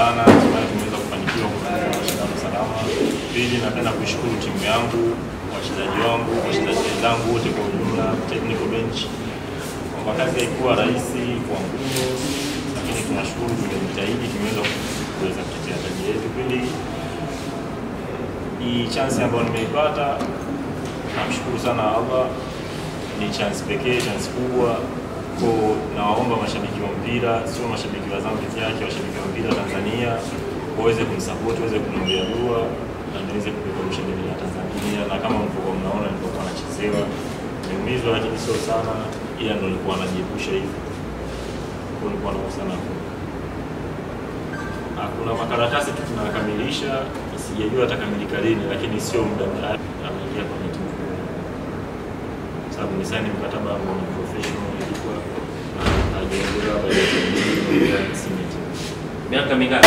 sana, hatimaye tumeweza kufanikiwa kufunga mashindano salama. Pili, napenda kushukuru timu yangu, wachezaji wangu, wachezaji wenzangu wote kwa ujumla, technical bench, kwamba kazi haikuwa rahisi, kwa nguvu, lakini tunashukuru, tumejitahidi, tumeweza kuweza kutetea taji yetu. Pili, hii chance ambayo nimeipata, namshukuru sana Allah, ni chance pekee, chance kubwa Ko nawaomba mashabiki wa mpira, sio mashabiki wa Azam peke yake, mashabiki wa mpira Tanzania waweze kumsupport, waweze kumwombea dua na niweze kupeperusha bendera ya Tanzania, na kama mlivyokuwa mnaona nilikuwa nachezewa, nimeumizwa lakini sio sana, ila ndio nilikuwa najiepusha hivi, kwa nilikuwa nakosa na kuna makaratasi tu tunakamilisha, sijajua atakamilika lini, lakini sio muda ameingia sababu ni Nissan mkataba ambao ni professional ilikuwa haijaondolewa by the Miaka mingapi?